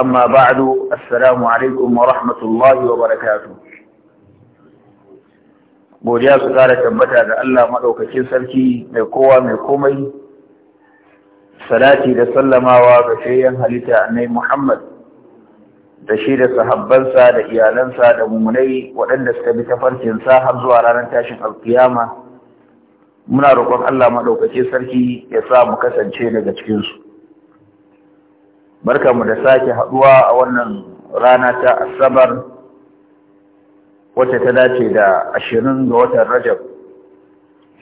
أما بعد السلام عليكم ورحمة الله وبركاته godiya su kara tabbata ga Allah maɗaukakin sarki mai kowa mai komai salati da sallamawa ga shayyan halitta annai Muhammad da shi da sahabbansa da iyalansa da mummunai waɗanda suka bi tafarkinsa har zuwa ranar tashin alkiyama muna roƙon Allah maɗaukakin sarki ya sa mu kasance daga cikinsu barka mu da sake haduwa a wannan rana ta asabar wacce ta dace da ashirin ga watan rajab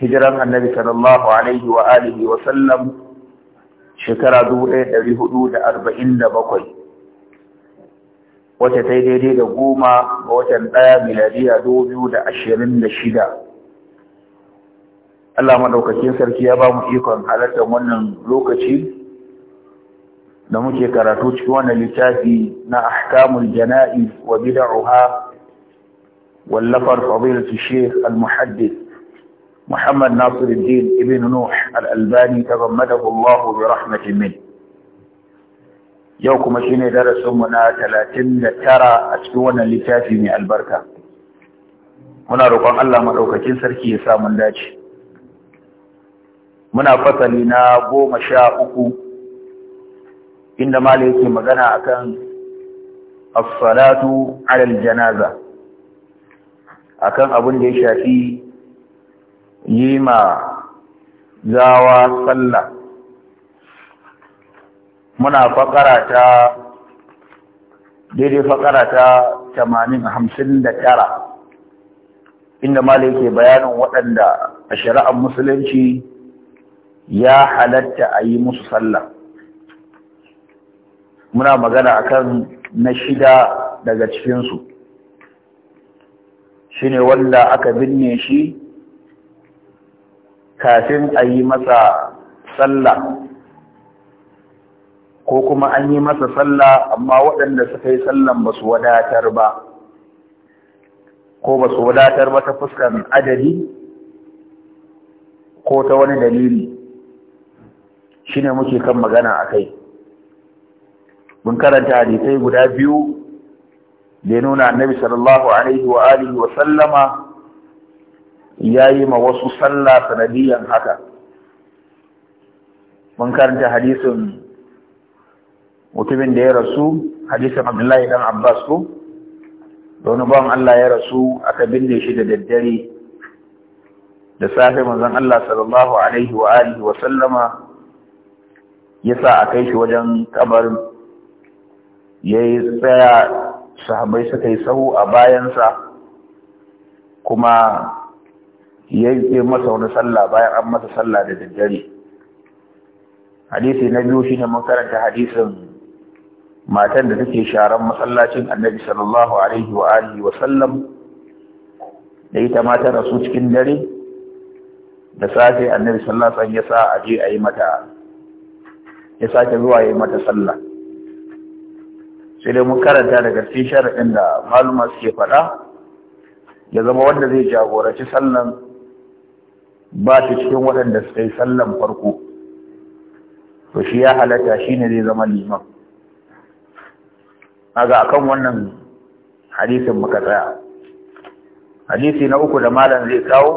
hijiran annabi sallallahu alaihi wa alihi wa sallam shekara dubu hudu da da arba'in bakwai, wacce ta yi daidai da goma ga watan ɗaya miladiya shida. Allah maɗaukakin sarki ya ba mu ikon halartar wannan lokaci da muke karatu cikin wannan littafi na ahkamul jana'i wa bid'uha wallafar fadilatu shaykh al-muhaddith Muhammad Nasiruddin ibn Nuh al-Albani tagammadahu Allah bi rahmatin min yau kuma shine darasin mu na 39 a cikin wannan littafi mai albarka muna roƙon Allah madaukakin sarki ya sa mun dace muna fasali na goma sha uku inda malai yake magana akan as-salatu 'ala al-janaza akan abin da ya shafi yi ma zawa sallah muna fakara ta daidai fakara ta 80 tara. inda malai yake bayanin waɗanda a shari'ar musulunci ya halatta a yi musu sallah muna magana akan na shida daga cikinsu shi ne wanda aka binne shi kafin a yi masa sallah ko kuma an yi masa sallah amma waɗanda suka yi sallan ba su wadatar ba ko ba su wadatar ba ta fuskan adadi ko ta wani dalili shi ne muke kan magana a kai mun karanta hadisai guda biyu da nuna annabi sallallahu alaihi wa alihi wa sallama yayi ma wasu sallah sanadiyan haka mun karanta hadisin mutumin da ya rasu hadisin Abdullahi dan Abbas ko wani ban Allah ya rasu aka binne shi da daddare da safe manzon Allah sallallahu alaihi wa alihi wa sallama yasa a kai shi wajen kabarin ya yi tsaya sahabai suka yi sahu a bayansa kuma ya yi masa wani sallah bayan an masa sallah da daddare hadisi na biyu shine ne makaranta hadisin matan da take sharan masallacin annabi sallallahu alaihi wa alihi wa sallam da ita mata rasu cikin dare da safe annabi sallallahu alaihi sallam ya sa aje a yi mata ya sake zuwa ya yi mata sallah sai dai mun karanta daga cikin sharaɗin da maluma suke faɗa ya zama wanda zai jagoraci sallan ba ta cikin waɗanda suka yi sallan farko to shi ya halatta shi ne zai zama liman A ga akan wannan hadisin muka tsaya hadisi na uku da malam zai kawo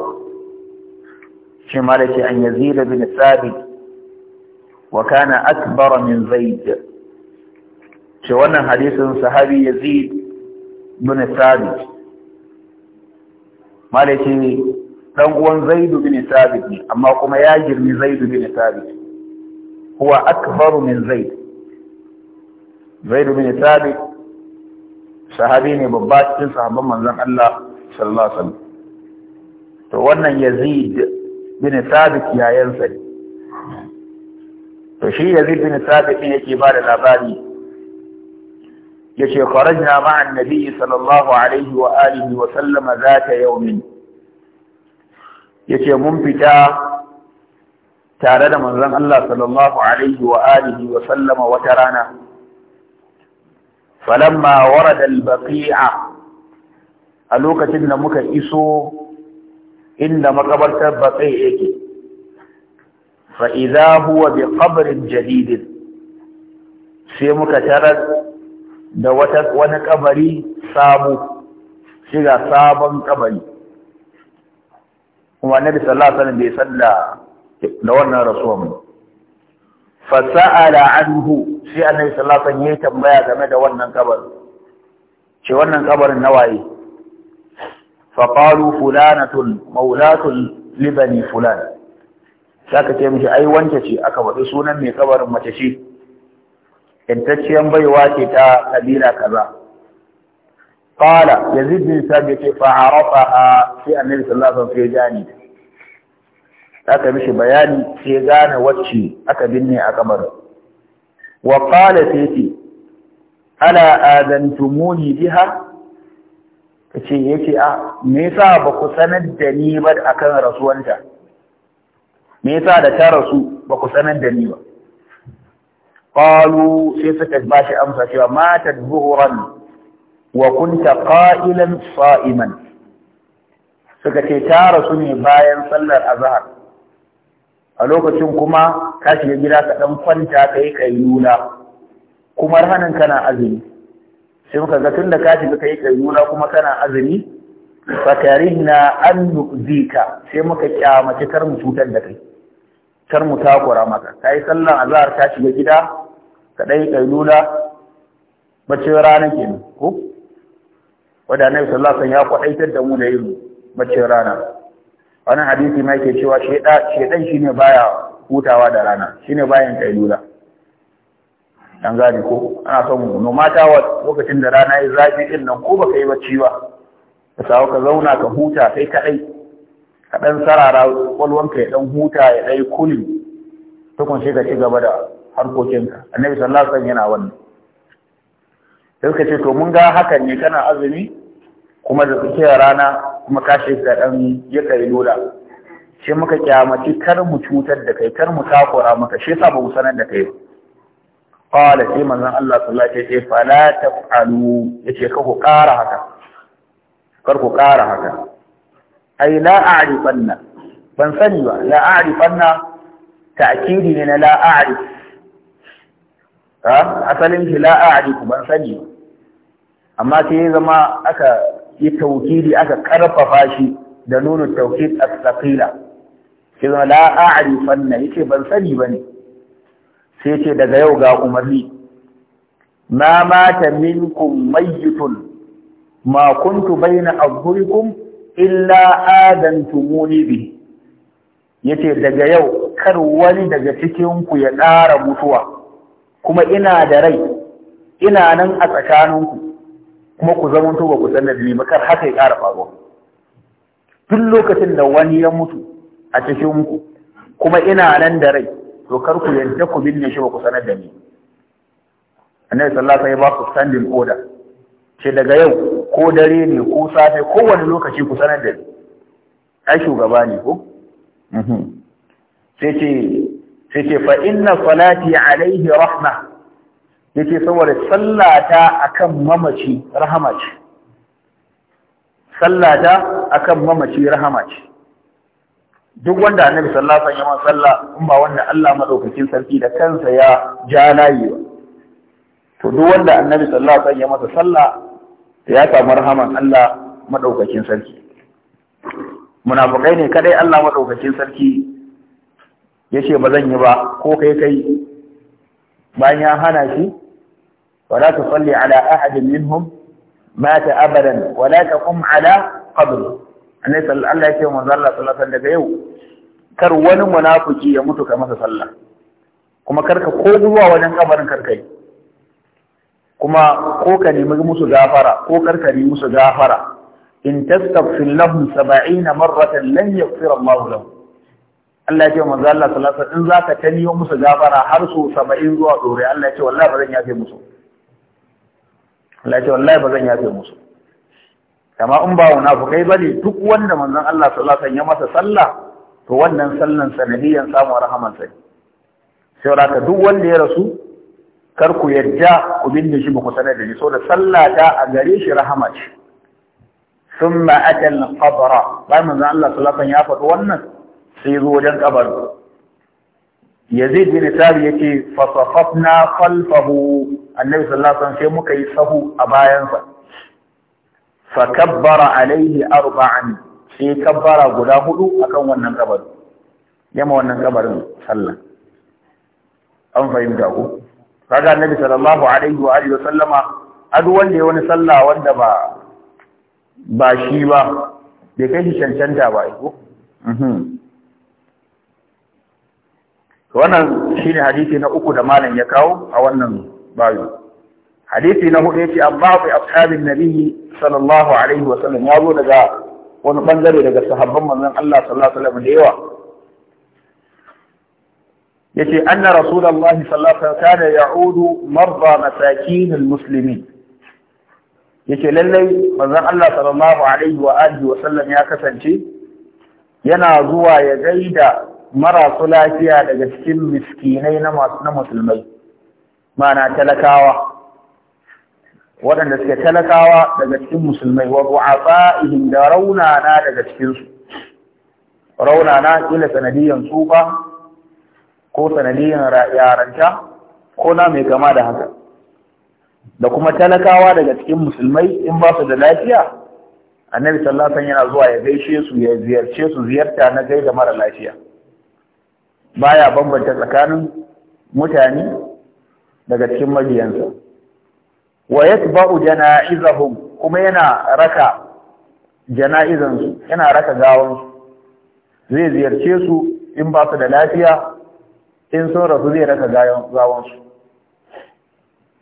shi malaki an da bin sabi wa kana akbar min zaid ce wannan hadisin sahabi yazid bin sabit malaki dan uwan zaid bin sabit ne amma kuma ya girmi zaid bin sabit huwa faru min zaid zaid bin sabit sahabi ne babba cikin sahabban manzon Allah sallallahu alaihi wasallam to wannan yazid bin sabit yayansa ne to shi yazid bin sabit ne yake ba da labari yace kharajna ma'a annabi sallallahu alaihi wa alihi wa sallama za ta zata Ya ce mun fita tare da manzon Allah sallallahu alaihi wa alihi wa sallama wata rana falamma warada al-baqi'a a lokacin da muka iso inda makabartar baƙai yake fa'iza huwa bi ƙabarin jadidin sai muka tarar da wani kabari sabo shiga sabon kabari kuma annabi sallallahu alaihi wasallam bai salla da wannan rasuwan ba fa sa'ala anhu shi annabi sallallahu alaihi wasallam ya tambaya game da wannan kabarin ce wannan kabarin na waye fa qalu fulanatun maulatun libani fulan saka ce mishi ai wance ce aka faɗi sunan mai kabarin mace ce intacciyar baiwa ce ta kabila kaza qala yazid bin sabit fa arafaha fi annabi sallallahu alaihi wasallam fi aka mishi bayani sai gane wacce aka binne a kamar wa qala sayti ala adantumuni biha kace yace a ah, me yasa ba ku sanar da ni ba akan rasuwanta me yasa da ta rasu ba ku sanar da ni ba qalu sai suka bashi amsa cewa mata zuhuran wa kunta qa'ilan sa'iman suka ce ta rasu ne bayan sallar azahar. a lokacin kuma ka shiga gida ka dan kwanta kai kai lula kuma ranan kana azumi sai muka ga tunda ka shiga kai kai lula kuma kana azumi fakarihna an ka, sai muka kyamaci kar mu cutar da kai kar mu takura maka kai sallar azahar ka shiga gida kadai kailula mace rana ke kenan ko wanda annabi sallallahu alaihi wasallam ya kwadaitar da mu da yin mace rana wannan hadisi ma yake cewa sheda shedan shine baya hutawa da rana shine bayan kailula dan gane ko ana son no mata wa lokacin da rana ya zafi din nan ko baka yi bacci ba ka sawo ka zauna ka huta kai kadai ka dan sarara kwalwanka ya dan huta ya dai kulin tukun sai ka ci gaba da harkokinka annabi sallallahu alaihi wasallam yana wannan sai suka ce to mun ga hakan ne kana azumi kuma da kike rana kuma ka shi ka dan ya kai lola sai muka kyamaci kar mu cutar da kai kar mu takura maka shi yasa ba mu sanar da kai ba qala sai manzon Allah sallallahu alaihi wasallam fala taf'alu yace ka ku ƙara haka kar ku ƙara haka ai la a'rifanna ban sani ba la a'rifanna ta'kidi ne na la a'rif asalin shi la a'rifu ban sani amma sai ya zama aka yi tawkidi aka karfafa shi da nuna tawkid as-saqila sai zama la ya ce ban sani ba ne. sai ce daga yau ga umarni ma mata minkum mayyitun ma kuntu bayna abhurikum illa adantumuni bi yace daga yau kar wani daga cikin ku ya ƙara mutuwa kuma ina da rai ina nan a tsakaninku kuma ku zama to ba ku san nabi ba, kar haka ya ƙara faruwa duk lokacin da wani ya mutu a cikin ku kuma ina nan da rai to kar ku yanta ku binne shi ba ku sanar da ni annabi sallallahu alaihi wasallam ya ba ku standing order ce daga yau ko dare ne ko safe kowane lokaci ku sanar da ni ai shugaba ne ko mhm. sai ce sai fa inna salati alayhi rahma yake saboda sallata akan mamaci rahama ce sallata akan mamaci rahama ce duk wanda annabi sallallahu alaihi wasallam sallah in ba wanda Allah madaukakin sarki da kansa ya ja layi ba to duk wanda annabi sallallahu alaihi wasallam ya masa sallah ya samu rahaman Allah madaukakin sarki munafikai ne kadai Allah madaukakin sarki ya ce ba zan yi ba ko kai kai bayan ya hana shi wala ta salli ala ahadin minhum mata abadan wala ta kum ala qabri annabi sallallahu alaihi wasallam Allah sallallahu alaihi daga yau kar wani munafiki ya mutu ka masa sallah kuma karka ko zuwa wajen kabarin karka yi kuma ko ka nemi musu gafara ko karka nemi musu gafara in tastaghfir lahum 70 marratan lan yaghfir Allah lahum Allah ya ce manzo Allah sallallahu alaihi wasallam in zaka taniyo musu gafara har su 70 zuwa dore Allah ya ce wallahi ba zan yafe musu Allah ya ce wallahi ba zan yafe musu kama in ba munafukai bane duk wanda manzon Allah sallallahu alaihi wasallam ya masa sallah to wannan sallan sanadiyan samu rahaman sai sai raka duk wanda ya rasu kar ku yadda ku binne shi ba ku sanar da shi saboda sallah ta a gare shi rahama ce thumma atal qabra bayan manzon Allah sallallahu alaihi wasallam ya faɗi wannan sai zo wajen kabar yazid bin sabi yace fa safafna khalfahu annabi sallallahu alaihi wasallam sai muka yi sahu a bayansa fa kabbara alaihi arba'an sai kabbara guda hudu akan wannan kabarin yamma wannan kabarin sallah an fahimta ko kaga annabi sallallahu alaihi wa alihi wasallama adu wanda ya wani sallah wanda ba ba shi ba bai kai shi cancanta ba ko mhm. wannan shine hadisi na uku da malam ya kawo a wannan bayu hadisi na hudu yace abba bi ashabin nabiyyi sallallahu alaihi wasallam ya zo daga wani bangare daga sahabban manzon Allah sallallahu alaihi wasallam da yawa yace anna rasulullahi sallallahu alaihi wasallam kana ya'udu marda masakin almuslimin yace lallai manzon Allah sallallahu alaihi wa alihi wasallam ya kasance yana zuwa ya gaida marasu lafiya daga cikin miskinai na musulmai mana talakawa waɗanda suke talakawa daga cikin musulmai wa bu'afa'ihim da raunana daga cikinsu raunana kila sanadiyan tsufa ko sanadiyan yaranta ko na mai kama da haka da kuma talakawa daga cikin musulmai in ba su da lafiya annabi sallallahu alaihi yana zuwa ya gaishe su ya ziyarce su ziyarta na gaida mara lafiya baya bambanta tsakanin mutane daga cikin mabiyansa wa yatba'u jana'izahum kuma yana raka jana'izansu yana raka gawansu zai ziyarce su in ba su da lafiya in sun rasu zai raka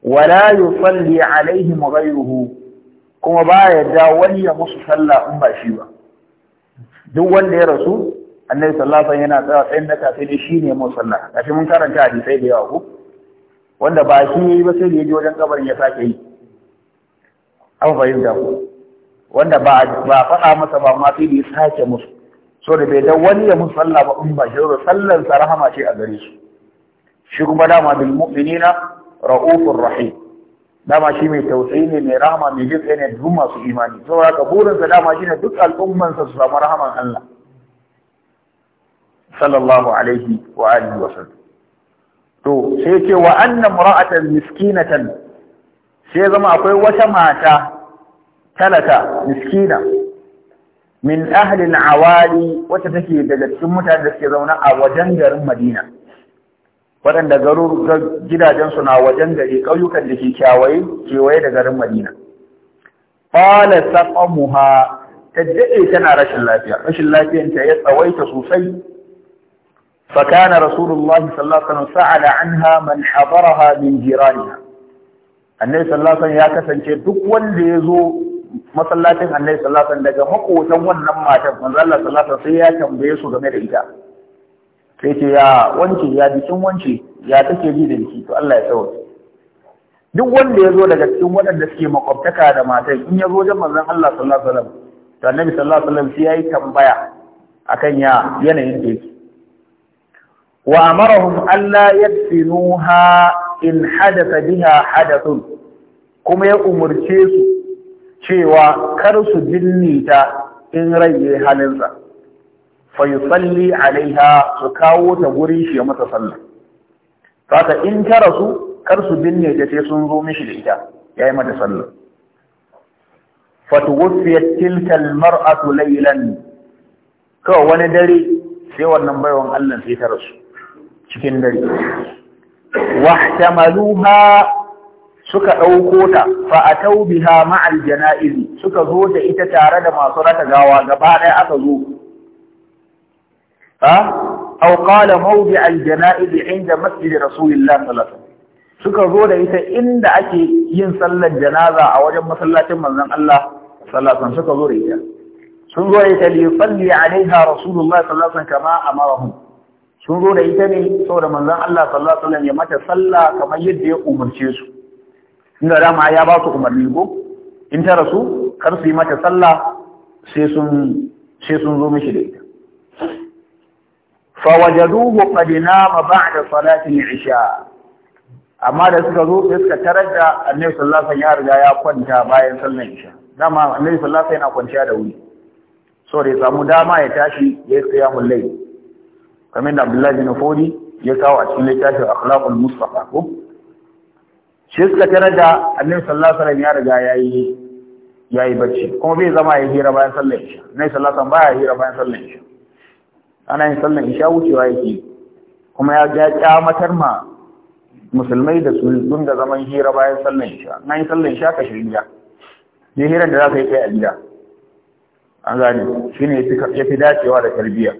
wa la yusalli alaihim ghayruhu kuma ba da wani ya musu sallah in ba shi ba duk wanda ya rasu annabi sallallahu yana tsaya tsayin daka sai ne shine mu sallah kashi mun karanta hadisai da yawa ko wanda ba shi yayi ba sai da yaje wajen kabarin ya sake yi an fahimta ko wanda ba ba faɗa masa ba ma sai da ya sake musu so da bai dan wani ya musu sallah ba in ba shi da sallar sa rahama ce a gare su shi kuma dama bil mu'minina ra'ufur rahim dama shi mai tausayi ne mai rahama mai jin ne duk masu imani saboda ka burinsa dama shi ne duk al'ummansa su samu rahaman Allah sallallahu alaihi wa alihi wa sallam to sai ce wa anna mar'atan miskinatan sai zama akwai wata mata talata miskina min ahli awali wata take daga cikin mutane da suke zauna a wajen garin Madina waɗanda gidajen su na wajen gari ƙauyukan da ke kyawaye kewaye da garin Madina. Fala saƙamuha ta daɗe tana rashin lafiya, rashin lafiyanta ya tsawaita sosai فكان رسول الله صلى الله عليه وسلم سأل عنها من حضرها من جيرانها النبي صلى الله عليه وسلم يا كسنشي duk wanda yazo masallacin Annabi sallallahu alaihi wasallam daga makotan wannan matar manzo Allah sallallahu alaihi wasallam sai ya tambaye su game da ita sai ce ya wance ya jikin wance ya take ji da jiki to Allah ya tsawata duk wanda yazo daga cikin waɗanda suke makwabtaka da matan in yazo da wajen manzon Allah sallallahu alaihi wasallam to annabi sallallahu alaihi wasallam sai yayi tambaya akan ya yanayin da yake وأمرهم ألا يدفنوها إن حدث بها حدث كما يأمر شيسو شيوا كرس جنيتا إن ريه حلنسا فيصلي عليها سكاو تغريش يوم تصلى فاتا إن كرسو كرس جنيتا تيسنزو مشلئتا يا إما تصلى فتوفيت تلك المرأة ليلا كو وانا دري سيوى النمبر وان ألا في كرسو cikin dare wahtamaluha suka ɗauko ta fa atau biha ma'al jana'izi suka zo da ita tare da masu raka gawa gaba ɗaya aka zo ha aw qala mawdi' al inda masjid rasulillah sallallahu alaihi suka zo da ita inda ake yin sallar janaza a wajen masallacin manzon Allah sallallahu alaihi suka zo da ita sun zo da ita li yusalli alaiha rasulullah sallallahu alaihi wasallam kama amarahum sun zo da ita ne saboda manzon Allah sallallahu alaihi wasallam ya mata sallah kamar yadda ya umarce su In da dama ya ba su umarni ko in ta rasu kar su yi mata sallah sai sun sai sun zo mishi da ita fa wajaduhu qad nama ba'da salati al-isha amma da suka zo sai suka tarar da annabi sallallahu alaihi wasallam ya riga ya kwanta bayan sallar isha dama annabi sallallahu alaihi wasallam yana kwanciya da wuri saboda ya samu dama ya tashi ya yi qiyamul layl kamar yadda Abdullahi bin Fodi ya kawo a cikin littafin Akhlaqul Mustafa ko shi suka tarar da Annabi sallallahu alaihi wasallam ya riga yayi yayi bacci kuma bai zama ya hira bayan sallar isha Annabi sallallahu alaihi wasallam ya hira bayan sallar isha ana yin sallar isha wucewa yake kuma ya ga kyamatar ma musulmai da su da zaman hira bayan sallar isha na yi sallar isha ka shirya ne hirar da za ka yi kai a gida an gane shine ya fi dacewa da tarbiyya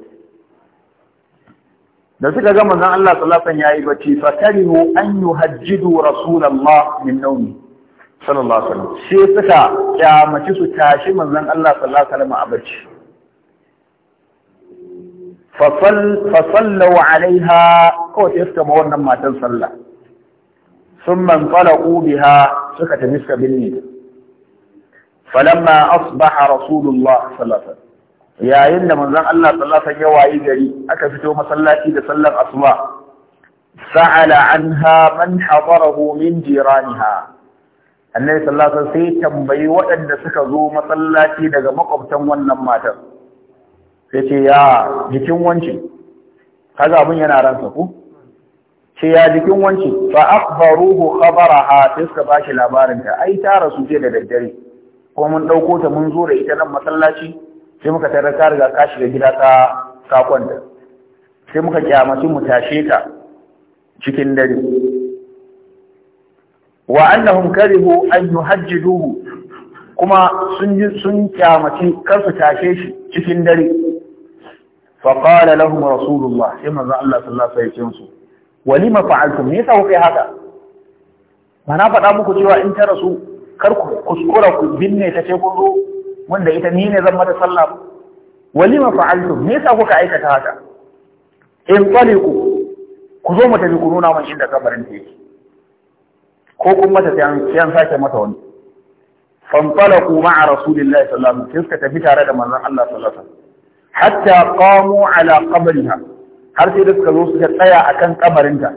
da suka ga zan Allah sallallahu ya yi bacci fa karihu an yuhajjidu rasulullah min nauni. sallallahu alaihi wasallam sai suka kyamaci su tashi manzon Allah sallallahu alaihi wasallam a bacci fa sallu alaiha ko suka ma wannan matan sallah Sun انطلقوا بها سكت suka بالنيل فلما أصبح رسول الله صلى الله yayin da manzon Allah sallallahu alaihi wasallam gari aka fito masallaci da sallar asuba sa'ala anha man hadarahu min jiraniha annabi sallallahu alaihi wasallam sai tambayi waɗanda suka zo masallaci daga makwabtan wannan matar sai ce ya jikin wance kaga abun yana ransa ku ce ya jikin wance fa akhbaruhu khabaraha sai suka bashi labarinta, ai ta rasu je da daddare kuma mun dauko ta mun zo da ita nan masallaci sai muka tarar ka riga ka shiga gida ka ka kwanta sai muka kyamaci mu tashe ta cikin dare wa annahum karihu an yuhajjiduhu kuma sun ji sun kyamaci kar su tashe shi cikin dare fa qala lahum rasulullah sai manzo Allah sallallahu alaihi wasallam su walima fa'altum me yasa kuka haka mana faɗa muku cewa in ta rasu kar ku kuskura ku binne ta ce kun zo wanda ita ni ne zan mata sallah ba walima fa'altum me yasa kuka aikata haka in eh, taliqu ku zo mu tafi ku nuna min inda kabarin ta yake ko kun mata sai an sake mata wani fanfalaku ma'a rasulillahi sallallahu alaihi wasallam sai suka tafi tare da manzon Allah sallallahu alaihi wasallam hatta qamu ala qabriha har sai da suka zo suka tsaya akan kabarinta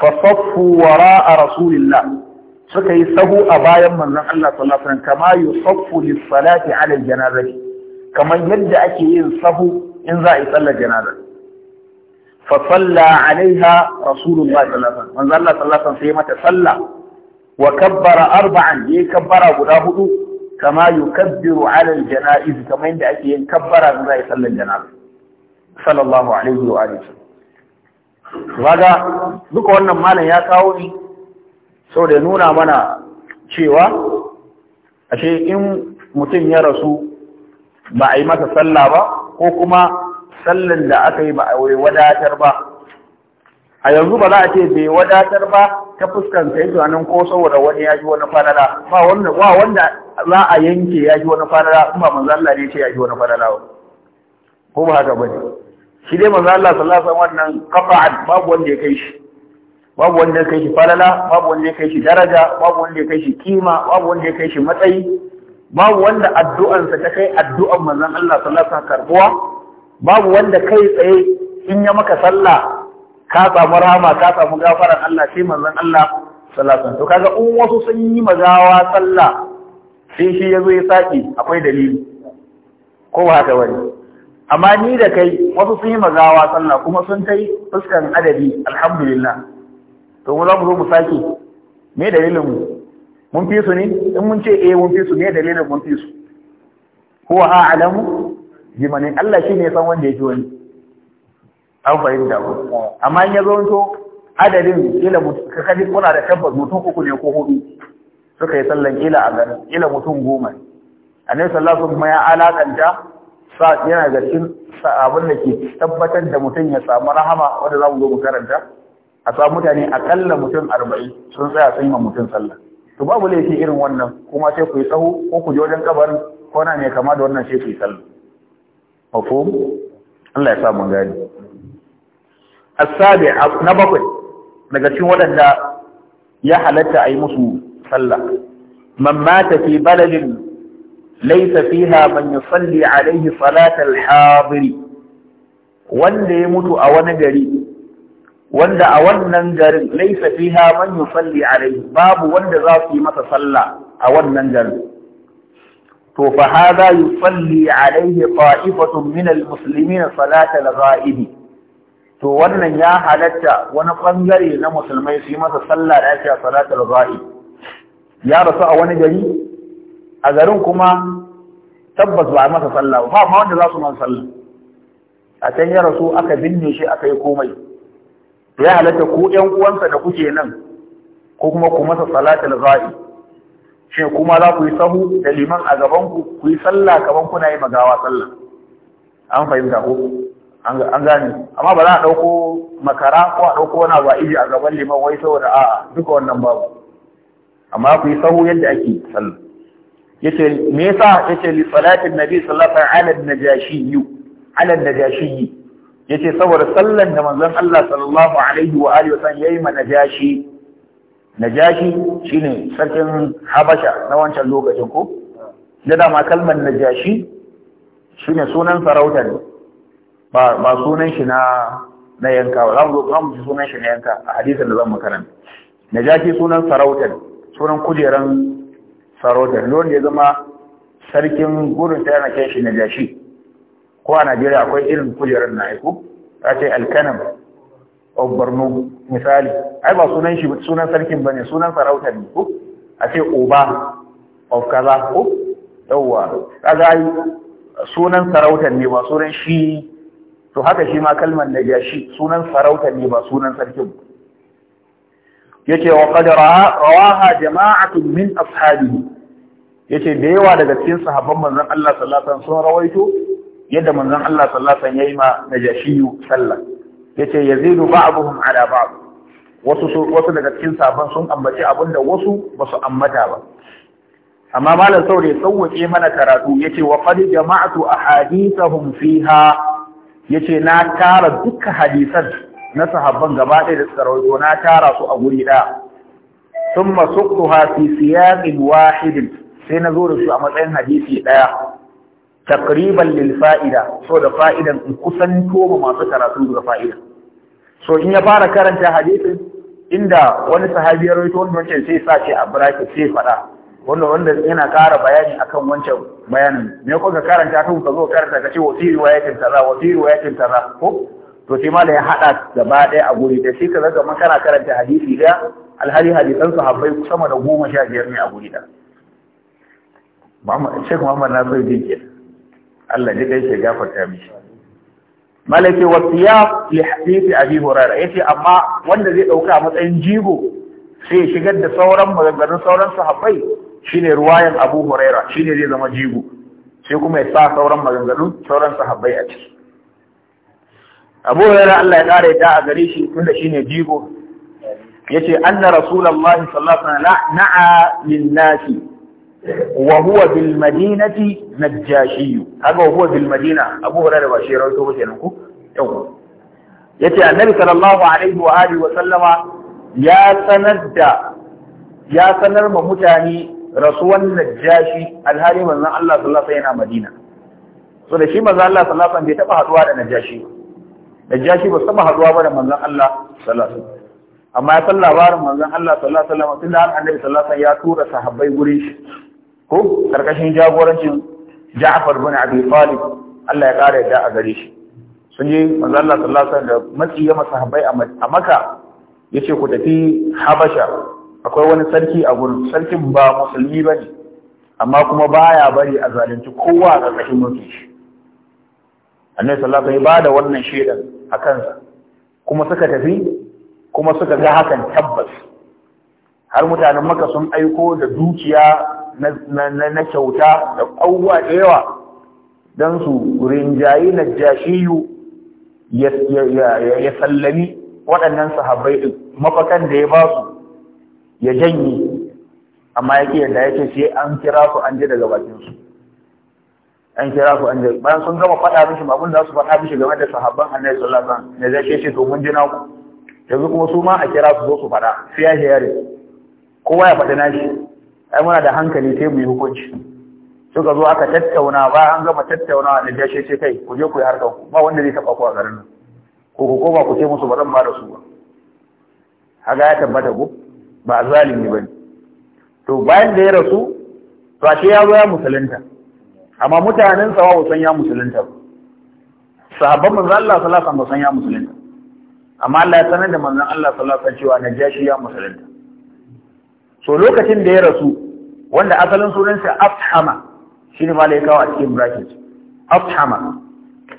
fa saffu wara'a rasulillah suka yi sahu a bayan manzon Allah sallallahu alaihi wasallam kama yusaffu lis-salati 'ala al-janazati kamar yadda ake yin sahu in za a yi sallar janaza fa salla 'alaiha rasulullah sallallahu alaihi wasallam manzon Allah sallallahu alaihi wasallam sai mata salla wa kabbara arba'an yayi kabbara guda hudu kama yukabbiru 'ala al-janaiz kamar yadda ake yin kabbara in za a yi sallar janaza sallallahu alaihi wa alihi wasallam kaga duka wannan malam ya kawo ni Sau da nuna mana cewa ashe in mutum ya rasu ba a yi masa sallah ba ko kuma sallin da aka yi ba a wadatar ba a yanzu ba za a ce bai wadatar ba ta fuskanta yi tunanin ko saboda wani ya ji wani fadada ba wanda ba wanda za a yanke ya ji wani fadada in ba manzo Allah ne ce ya ji wani fadada ba ko ba haka bane shi dai manzo Allah sallallahu alaihi wasallam wannan qafa'an babu wanda ya kai shi babu wanda ya kai shi falala babu wanda ya kai shi daraja babu wanda ya kai shi kima babu wanda ya kai shi matsayi babu wanda addu'ansa ta kai addu'an manzon Allah sallallahu alaihi karbuwa babu wanda kai tsaye in ya maka sallah ka samu rahama ka samu gafaran Allah sai manzon Allah sallallahu alaihi to kaga in wasu sun yi mazawa sallah sai shi yazo ya saki akwai dalili ko ba haka wani amma ni da kai wasu sun yi mazawa sallah kuma sun kai fuskan adabi, alhamdulillah to mu za mu zo mu sake me dalilin mu mun fi su ne in mun ce eh mun fi su me dalilin mun fi su huwa a'lamu biman Allah shine ya san wanda yake wani an fahimta ko amma in ya zo to adadin kila ka kaji kuna da tabbas mutum uku ne ko hudu suka yi sallan kila a garin kila mutum goma annabi sallallahu alaihi wasallam ya alakanta yana ga cikin abin da ke tabbatar da mutum ya samu rahama wanda za mu zo mu karanta a sa mutane kalla mutum arba'in sun tsaya sun yi mutum sallah to babu laifi irin wannan kuma sai ku yi tsaho ko ku je wajen kabarin ko na ne kama da wannan sai ku yi sallah mafhum Allah ya sa mun gani asabi na bakwai daga cikin waɗanda ya halatta ayi yi musu sallah man mata fi baladin laysa fiha man yusalli alayhi salatal hadiri wanda ya mutu a wani gari wanda a wannan garin laisa fiha man yusalli alaihi babu wanda za su yi masa sallah a wannan garin to fa hadha yusalli alaihi ta'ifatun min almuslimin salatal ghaibi to wannan ya halatta wani bangare na musulmai su yi masa sallah da ake salatal ghaib ya rasu a wani gari a garin kuma tabbas ba a masa sallah ba ma wanda za su man sallah a can ya rasu aka binne shi aka yi komai ya halatta ku ƴan uwansa da kuke nan ko kuma ku masa salatul za'i shi kuma za ku yi sahu da liman a gaban ku ku yi sallah kaman kuna yi magawa sallah an fahimta ko an gane amma ba za a dauko makara ko a dauko wani ba iji a gaban liman wai saboda a'a duka wannan babu amma ku yi sahu yadda ake sallah yace me yasa yace li salatin nabi sallallahu alaihi sallam ala najashi ala najashi yace saboda sallan da manzon Allah sallallahu alaihi wa alihi wasallam yayi ma najashi najashi shine sarkin Habasha na wancan lokacin ko da dama kalmar najashi shine sunan sarauta ne ba ba sunan shi na na yanka ba zamu zamu sunan shi na yanka a hadisin da zamu karanta najashi sunan sarauta ne sunan kujeran sarauta ne wanda ya zama sarkin gurin tayana kai shi najashi ko a Najeriya akwai irin kujerar na aiko ta ce alkanam of Borno misali ai ba sunan shi sunan sarkin bane sunan sarauta ne Ku a ce oba of kaza ko yawwa kaga ai sunan sarauta ne ba sunan shi to haka shi ma kalmar najashi sunan sarauta ne ba sunan sarkin ba yace wa qad rawaha jama'atun min ashabihi yace da yawa daga cikin sahabban manzon Allah sallallahu alaihi wasallam sun rawaito yadda manzon Allah sallallahu alaihi wasallam yayi ma najashiyu sallah yace yazidu ba'dhum ala ba'd wasu wasu daga cikin sabon sun ambaci abinda wasu basu ambata ba amma malam saurayi sauwake mana karatu yace wa qad jama'tu ahadithahum fiha yace na tara duka hadisan na sahabban gaba ɗaya da suka rawaito na tara su a guri ɗaya thumma suqtuha fi siyaqin wahid sai na zo da su a matsayin hadisi ɗaya Takriban lil fa'ida so da fa'idan in kusanto ma masu karatu ga fa'ida so in ya fara karanta hadisin inda wani sahabi ya rawaito wanda wancan sai sa ce a bracket sai fada wanda wanda yana ƙara bayani akan wancan bayanin me ko ka karanta kan ka zo karanta ka ce wa fi riwayatin kaza wa fi riwayatin kaza ko to sai mala ya hada gaba ɗaya a guri da sai ka zaga man kana karanta hadisi da alhali hadisan sahabbai sama da goma sha biyar ne a guri da Sheikh Muhammad Nasir Din kenan Allah ji kai shi gafarta mishi malaki wa siyaf li hadisi abi hurairah yace amma wanda zai dauka a matsayin jigo sai shigar da sauran maganganun sauran sahabbai shine ruwayan abu hurairah shine zai zama jigo sai kuma ya sa sauran maganganun sauran sahabbai a ciki abu hurairah Allah ya kare ta a gare shi tunda shine jigo yace anna rasulullahi sallallahu alaihi wasallam na'a lin nasi wa huwa bil madinati najashi haka wa huwa bil madina abu hurairah ba shi rawaito ba kenan ko yau yace annabi sallallahu alaihi wa wa sallama ya sanar da ya rasuwan najashi alhali Allah yana madina so da shi maza Allah sallallahu bai taba haɗuwa da najashi najashi ba taɓa haɗuwa ba da manzon Allah sallallahu amma ya san labarin manzon Allah sallallahu alaihi da tunda annabi sallallahu ya tura sahabbai gurin shi ko karkashin jagorancin Ja'far bin Abi Talib Allah ya kare da a gare shi sun je manzo Allah sallallahu alaihi wasallam matsi ya masahabai a Makka yace ku tafi Habasha akwai wani sarki a gurin sarkin ba musulmi bane amma kuma baya bari a zalunci kowa a karkashin mulki shi Annabi sallallahu alaihi wasallam ya bada wannan shedan a kansa kuma suka tafi kuma suka ga hakan tabbas har mutanen maka sun aiko da dukiya na kyauta da abubuwa da yawa don su rinjayi na jashiyu ya sallami waɗannan sahabbai mafakan da ya ba su ya janye amma yake yadda ce sai an kira su an ji daga bakinsu an kira su an ji bayan sun gama faɗa mishi abin da su faɗa mishi game da sahabban annabi sallallahu alaihi wasallam ne zai ce to mun ji na ku yanzu kuma su ma a kira su zo su faɗa sai ya shayar kowa ya faɗi nashi ai muna da hankali sai mu yi hukunci suka zo aka tattauna ba an gama tattaunawa da jashe ce kai ku je ku yi harkar ku ba wanda zai taɓa ku a garin nan ko ku koma ku ce musu ba zan ba da su ba haga ya tabbata ko ba zalimi ba ne to bayan da ya rasu to ashe ya zo ya musulunta amma mutanen sawa ba san ya musulunta ba sahabban manzo Allah sallallahu alaihi wasallam ba san ya musulunta amma Allah ya sanar da manzo Allah sallallahu alaihi wasallam cewa najashi ya musulunta to lokacin da ya rasu wanda asalin sunansa afhama shi ne malai kawo a cikin bracket afhama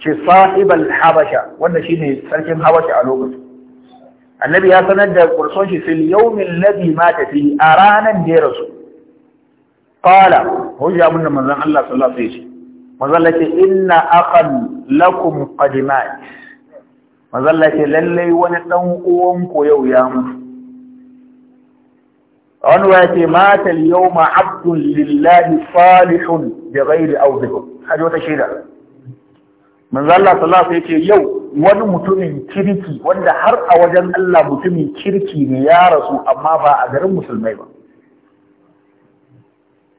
ce sahibal habasha wanda shi ne sarkin habasha a lokacin annabi ya sanar da kurson shi fil yawmin ladhi mata fi a ranan da ya rasu qala hujja mun da manzon Allah sallallahu alaihi wasallam manzon Allah inna akhan lakum qadimat manzon Allah lalle wani dan uwan ko yau ya mutu wani wa ce mata yawma abdun lillahi salihun da ghairi awdih haji wata shaida Manzala Allah sallallahu ya ce yau wani mutumin kirki wanda har a wajen Allah mutumin kirki ne ya rasu amma ba a garin musulmai ba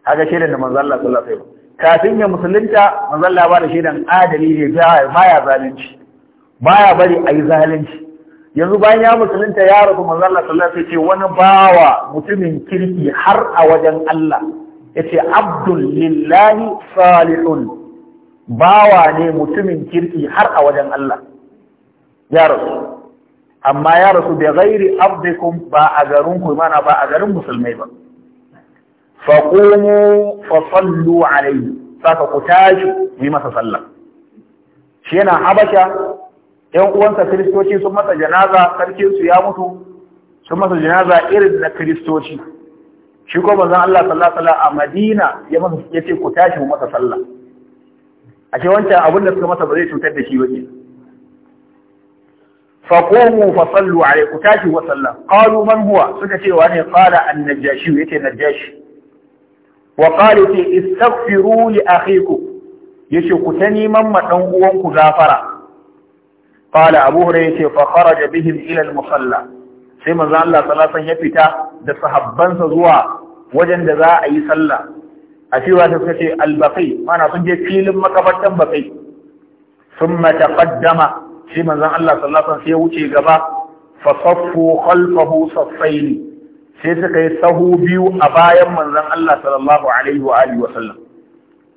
haga shaidan da Manzala Allah sallallahu ba kafin ya musulunta Manzala Allah ba da shaidan adali ne baya zalunci baya bari ayi zalunci yanzu bayan ya musulunta ya rasu manzo Allah sallallahu alaihi wasallam wani bawa mutumin kirki har a wajen Allah yace abdul lillahi salihun bawa ne mutumin kirki har a wajen Allah ya rasu amma ya rasu bai gairi abdikum ba a garin ku mana ba a garin musulmai ba faqumu fa sallu alayhi saka ku tashi yi masa sallah shi yana habasha ‘yan uwansa kiristoci sun masa janaza sarkinsu ya mutu sun masa janaza irin na kiristoci shi ko manzon Allah sallallahu a Madina ya masa yace ku tashi mu masa sallah ashe wancan abin da suka masa ba zai cutar da shi ba ne fa qumu fa sallu alaihi ku tashi wa sallah qalu man huwa suka ce wa ne qala an-najashi yace najashi wa qala ti istaghfiru li akhikum yace ku ta neman ma dan uwanku gafara qala abu hurairah yace fa kharaja bihim ila musalla sai manzo Allah sallallahu alaihi ya fita da sahabbansa zuwa wajen da za a yi sallah a cewa ta suka ce al-baqi mana sun je filin makabartan baqi thumma taqaddama sai manzo Allah sallallahu alaihi sai ya wuce gaba fa saffu khalfahu saffaini sai suka yi sahu biyu a bayan manzon Allah sallallahu alaihi wa alihi wa sallam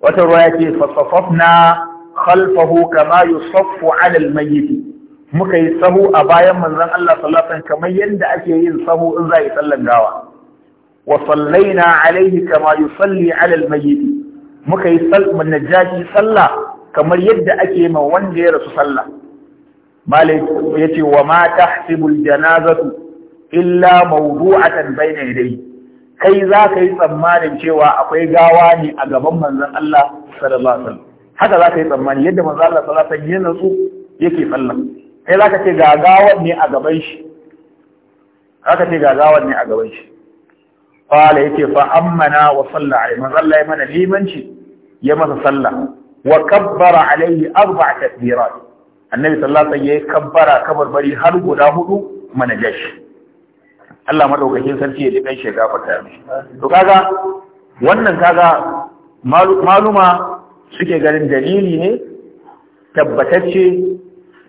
wata ruwaya ce fa safafna khalfahu kama yusaffu ala almayyit muka yi sahu a bayan manzon Allah sallallahu alaihi kamar yanda ake yin sahu in za yi sallan gawa wa sallaina Alayhi kama yusalli ala almayyit muka yi sallan najashi sallah kamar yadda ake ma wanda ya rasu sallah malik yace wa ma tahsibul janazatu illa mawdu'atan bayna yadayhi kai za ka yi tsammanin cewa akwai gawa ne a gaban manzon Allah sallallahu alaihi wasallam haka za ka yi tsammani yadda manzo Allah sallallahu alaihi wasallam ya natsu yake sallah kai za ka ce gagawar ne a gaban shi Za ka ce gagawar ne a gaban shi ya yake fa ammana wa salla alaihi manzo Allah ya mana limanci ya masa sallah wa kabbara alaihi arba' takbirat annabi sallallahu alaihi wasallam ya kabbara bari har guda hudu mana jashi Allah madaukakin sarki ya ji kan shiga fata to kaga wannan kaga maluma suke ganin dalili ne tabbatacce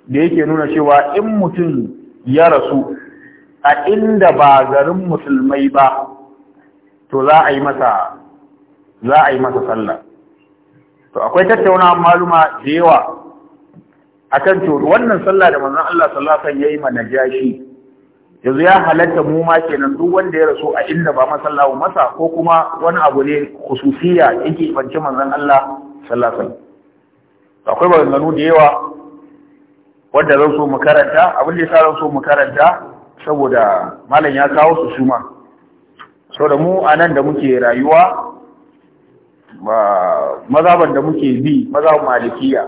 da yake nuna cewa in mutum ya rasu a inda ba garin musulmai ba to za a yi masa za a yi masa sallah to akwai tattauna maluma da yawa akan to wannan sallah da manzon Allah sallallahu alaihi wasallam yayi ma najashi yanzu ya halatta mu ma kenan duk wanda ya rasu a inda ba masallahu masa ko kuma wani abu ne khususiya yake ibance manzon Allah sallallahu alaihi akwai maganganu da yawa wanda zan so mu karanta abin da sa zan so mu karanta saboda malam ya kawo su suma da mu anan da muke rayuwa mazaban da muke bi mazaban malikiya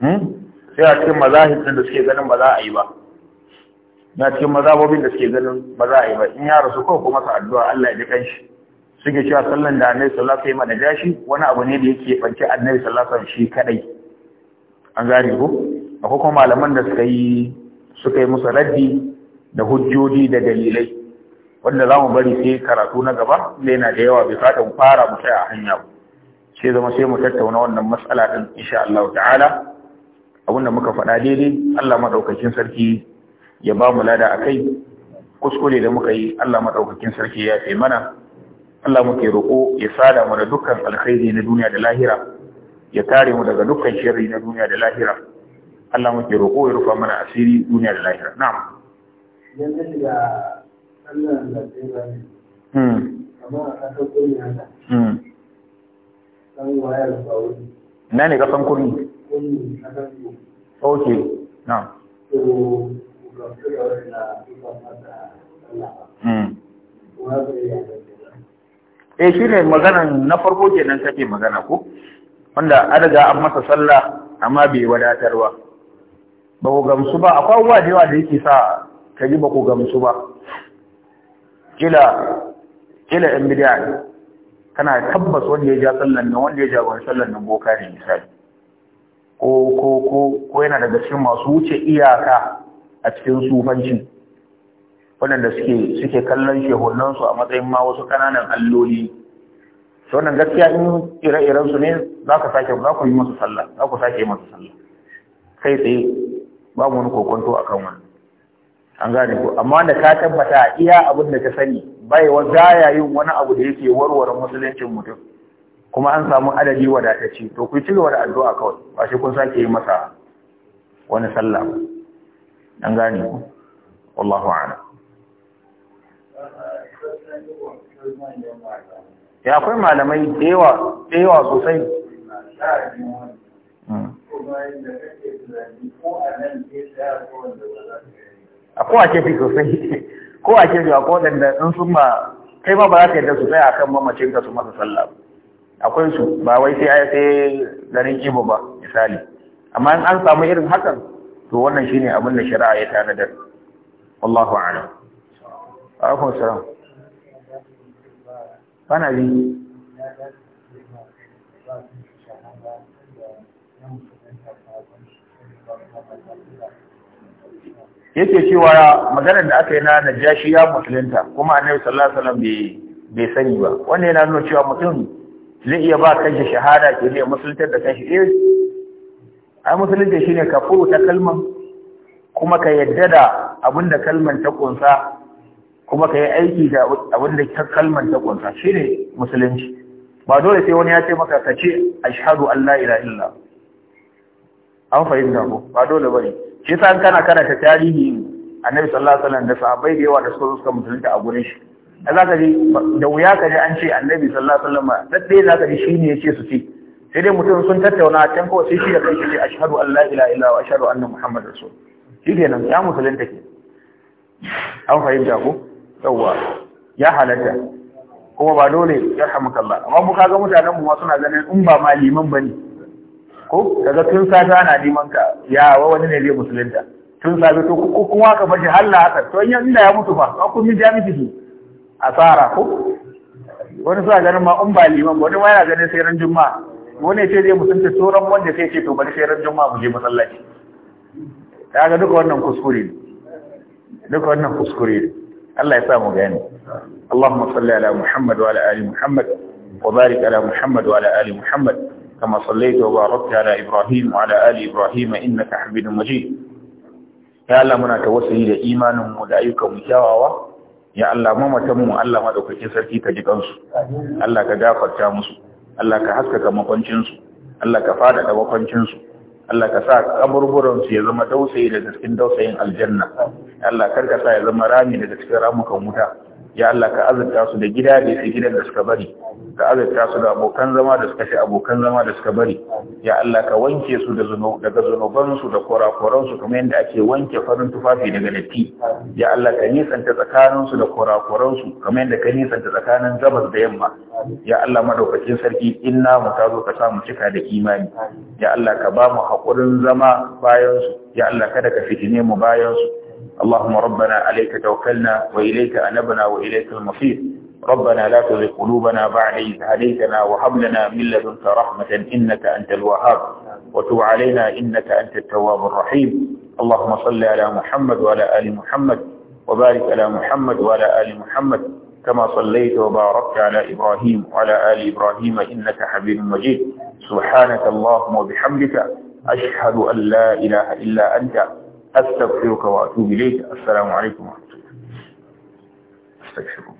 hmm? sai a cikin mazahibin da suke ganin ba za a yi ba na cikin mazabobin da suke ganin ba za a yi ba in ya rasu ko kuma sa addu'a Allah ya ji kanshi suke cewa sallan da annabi sallallahu alaihi wasallam ya jashi wani abu ne da yake banci annabi sallallahu alaihi wasallam shi kadai an gane ko akwai kuma malaman da suka yi suka yi musu raddi da hujjoji da dalilai wanda za mu bari sai karatu na gaba da yana da yawa bai fata mu fara mu tsaya a hanya sai zama sai mu tattauna wannan matsala din insha Allah ta'ala abinda muka faɗa daidai Allah madaukakin sarki ya ba mu lada akai kuskure da muka yi Allah madaukakin sarki ya fi mana Allah muke roƙo ya sada mu da dukkan alkhairi na duniya da lahira ya kare mu daga dukkan sharri na duniya da lahira Allah muke roƙo ya rufa mana asiri duniya da lahira na'am yanzu shiga sallan da tsira hmm. hmm. ne kamar a kasar kuni haka san wayar na ne a kan ok na'am to ku kafin da wani na ba ne hmm. eh shine maganan na farko kenan kake magana ko wanda an riga an masa sallah amma bai wadatarwa ba ku gamsu ba akwai abubuwa da yawa da yake sa ka ji ba ku gamsu ba kila kila yan bidiya kana tabbas wanda ya ja sallan nan wanda ya ja wani sallan nan boka ne misali ko ko ko yana daga cikin masu wuce iyaka a cikin sufanci waɗanda suke suke kallon shehunansu a matsayin ma wasu ƙananan alloli su wannan gaskiya in ire-iren su ne za ka sake yi masu sallah za ku sake masu sallah kai tsaye babu wani kokonto kan wani. an gane ku, amma da ka tabbata iya abin da ka sani bai wa gaya yin wani abu da yake warware musuluncin mutum kuma an samu adadi wadatacce to ku ci gaba da addu'a kawai ba shi kun sake yi masa wani sallah an gane ku wallahu a'lam ya akwai malamai da yawa sosai hmm. a kowa ke fi sosai kowa ke fi a kowadanda in sun ma kai ma ba za ka yadda sosai a kan mamacin ka su masa sallah akwai su ba wai sai ya sai garin kibo ba misali amma in an samu irin hakan to wannan shine abin da shari'a ya tanadar wallahu a'lam alaikum salam bana ji yake cewa magana da aka yi na najashi ya musulunta kuma a sallallahu alaihi wasallam bai bai sani ba wanda yana nuna cewa mutum zai iya ba shi shahada ke zai musuluntar da shi eh ai musulunta ne ka ta kalman kuma ka yadda da abinda kalman ta kunsa kuma ka yi aiki da abin da kalmar ta kunsa shi ne musulunci ba dole sai wani ya ce maka ka ce ashhadu an la ilaha illa an fahimta ko ba dole bane shi yasa an kana karanta tarihi annabi sallallahu alaihi wasallam da sahabbai da yawa da suka suka musulunta a gurin shi da zaka ji da wuya ka ji an ce annabi sallallahu alaihi wasallam sai zaka ji ya ce su ce sai dai mutum sun tattauna can kawai sai shi da kai ce ashhadu an la ilaha illa wa ashhadu anna muhammadar rasul shi nan ya musulunta ke an fahimta ko yawwa ya halatta kuma ba dole ya hamka Allah amma mu kaga mutanen mu suna ganin in ba maliman bane ko daga tun safe ana liman ka ya wa wani ne zai musulunta tun safe to ko kuma ka bashi halla haka to in inda ya mutu fa ko kun jami'i asara ko wani suna ganin ma in ba liman wani ma yana ganin sai ran juma'a wani ce zai musulunta sauran wanda sai ce to bari sai ran juma'a mu je masallaci kaga duka wannan kuskure ne duka wannan kuskure ne Allah ya sa mu gani. Allahumma salli ala Muhammad wa ala ali Muhammad wa barik ala Muhammad wa ala ali Muhammad kama sallaita wa barakta ala Ibrahim wa ala ali Ibrahim innaka Hamidum Majid ya Allah muna tawassuli da imanin mu da ayyukan mu kyawawa ya Allah mamatan mu Allah kuke sarki ka ji kansu Allah ka gafarta musu Allah ka haskaka makwancin su Allah ka fada da makwancin su Allah ka sa kaburburan su ya zama dausayi daga cikin dausayin aljanna Allah kar ka sa ya zama rami daga cikin ramukan wuta ya Allah ka azurta su da gida da su gidan da suka bari ka azurta su da abokan zama da suka fi abokan zama da suka bari ya Allah ka wanke su daga zunubansu da kurakuransu kuma yadda ake wanke farin tufafi daga datti ya Allah ka nisanta tsakaninsu da kurakuransu kuma yadda ka nisanta tsakanin gabas da yamma ya Allah madaukakin sarki in mu ta zo ka sa mu cika da imani ya Allah ka ba mu haƙurin zama bayan su ya Allah kada ka fitine mu bayan su اللهم ربنا عليك توكلنا وإليك أنبنا وإليك المصير ربنا لا تزغ قلوبنا بعد إذ هديتنا وهب لنا من لدنك رحمة إنك أنت الوهاب وتب علينا إنك أنت التواب الرحيم اللهم صل على محمد وعلى آل محمد وبارك على محمد وعلى آل محمد كما صليت وباركت على إبراهيم وعلى آل إبراهيم إنك حبيب مجيد سبحانك اللهم وبحمدك أشهد أن لا إله إلا أنت أستغفرك وأتوب إليك السلام عليكم ورحمة الله